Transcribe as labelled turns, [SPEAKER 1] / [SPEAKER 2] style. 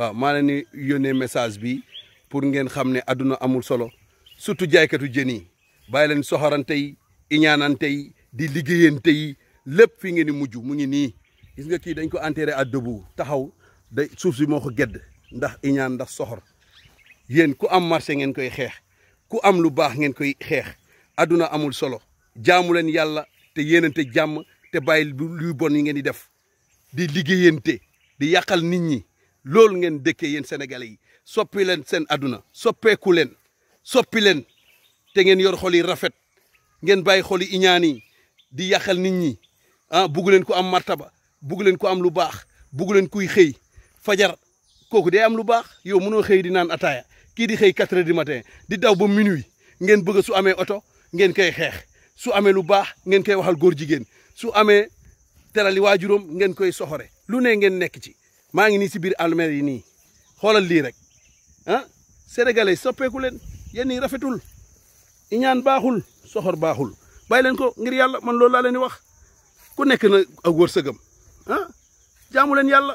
[SPEAKER 1] waaw maa leen ni yónnee message bi pour ngeen xam ne adduna amul solo surtout jaaykatu jën yi bàyyi leen soxorante yi iñaanante yi di liggéeyante yi lépp fi ngeen di mujj mu ngi nii gis nga kii dañ ko enterré à debout taxaw day suuf si moo ko gedd ndax iñaan ndax soxor yéen ku am marché ngeen koy xeex ku am lu baax ngeen koy xeex adduna amul solo jaamu leen yàlla te yéenante jàmm te bàyyi luy bon yi ngeen di def di liggéeyente di yàqal nit ñi loolu ngeen dëkkee yéen sénégalais yi soppi leen seen àdduna soppeeku leen soppi leen te ngeen yor xol rafet ngeen bàyyi xol yi yi di yàqal nit ñi ah bugg leen ko am martaba bugg leen ko am lu baax bugg leen kuy xëy fajar kooku day am lu baax yow mënoo xëy di naan ataaya kii di xëy quatre di du matin di daw ba minuit ngeen bëgg su amee oto ngeen koy xeex su amee lu baax ngeen koy waxal góor jigéen su amee terali waajuróom ngeen koy soxore lu ne ngeen nekk ci maa ngi nii si biir almer yi nii xoolal lii rek ah sénégalais soppeeku leen yéen yi rafetul iñaan baaxul soxor baaxul bàyyi leen ko ngir yàlla man loolu laa leen di wax ku nekk na ak wërsëgam ah, leen yàlla